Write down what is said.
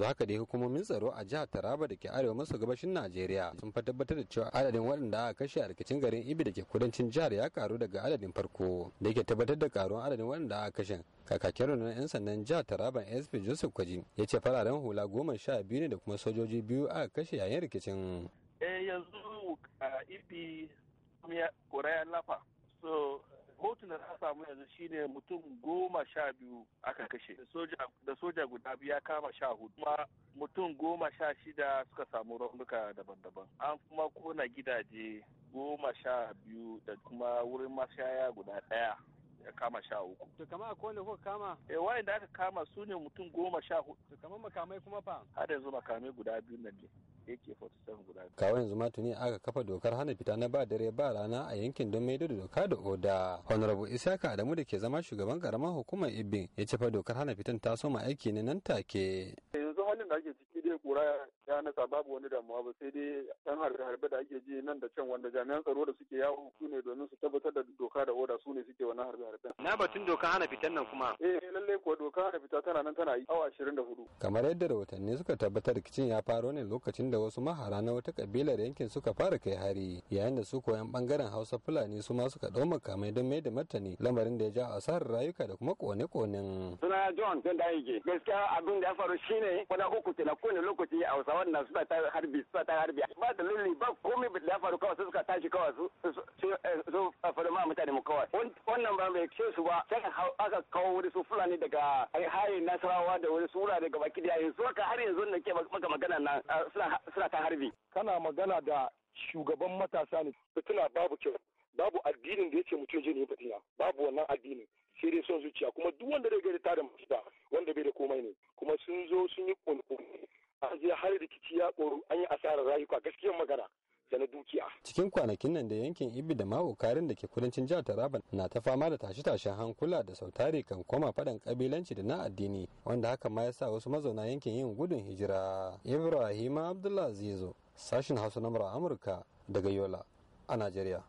yanzu haka dai hukumomin tsaro a jihar taraba da ke arewa maso gabashin najeriya sun fa tabbatar da cewa adadin waɗanda aka kashe a rikicin garin ibi da ke kudancin jihar ya karu daga adadin farko da yake tabbatar da karuwar adadin waɗanda aka kashe kakakin rundunar 'yan sandan jihar taraba sp joseph kwaji ya ce fararen hula goma sha biyu ne da kuma sojoji biyu aka kashe yayin rikicin eh yanzu ibi ya lafa rahoton da na samu yanzu shine mutum goma sha biyu aka kashe da soja guda biyu ya kama sha hudu kuma mutum goma sha shida suka samu raunuka daban-daban an kuma kona gidaje goma sha biyu da kuma wurin mashaya guda ɗaya ya kama sha uku. To kama a kone kuka kama? E eh, wayan da aka kama su ne mutum goma sha hudu. To kama makamai kuma fa? Har yanzu makamai guda biyu nan ne. AK47 guda biyu. Kawai yanzu ma tuni aka kafa dokar hana fita na ba dare ba rana a yankin don maido da doka da oda. Honorable Isaka Adamu da ke zama shugaban karamar hukumar Ibin ya ce fa dokar hana fitan ta soma aiki ne nan take. Yanzu halin da ake ciki dai kura ya nasa babu wani damuwa ba sai dai ɗan harbe-harbe da ake ji nan da can wanda jami'an tsaro da suke yawo su ne domin su tabbatar da doka da oda su ne suke wani harbe harbe Na batun doka hana fitan nan kuma. Eh lallai kuwa doka da fita tana nan tana yi awa ashirin da hudu. kamar yadda rahotanni suka tabbatar rikicin ya faro ne lokacin da wasu mahara na wata kabilar yankin suka fara kai hari yayin da su koyan bangaren hausa fulani su ma suka ɗau makamai don mai da martani lamarin da ya ja asarar rayuka da kuma kone-konen. suna john john da yake gaskiya abin da ya faru shine kwana uku kenan kowane lokaci a hausawan na suna ta harbi suna ta harbi ba da lulli ba komai ba da ya faru kawai suka tashi kawai su su faru ma mutane mu kawai wannan ba mai ce su ba sai aka kawo wani su fulani mutane daga haye nasarawa da wani sura daga baki da yanzu haka har yanzu na ke maka magana nan suna ta harbi. Kana magana da shugaban matasa ne fitina babu kyau babu addinin da ya mutum je ne fitina babu wannan addinin sai dai son zuciya kuma duk wanda zai gari tarin mafita wanda bai da komai ne kuma sun zo sun yi cikin kwanakin nan da yankin ibi da mawo da ke kudancin jihar taraba na ta fama da tashe-tashen hankula da sautari kan koma faɗan kabilanci da na addini wanda haka ma ya sa wasu mazauna yankin yin gudun hijira ibrahim abdullah zizo sashin hausa na amurka daga yola a najeriya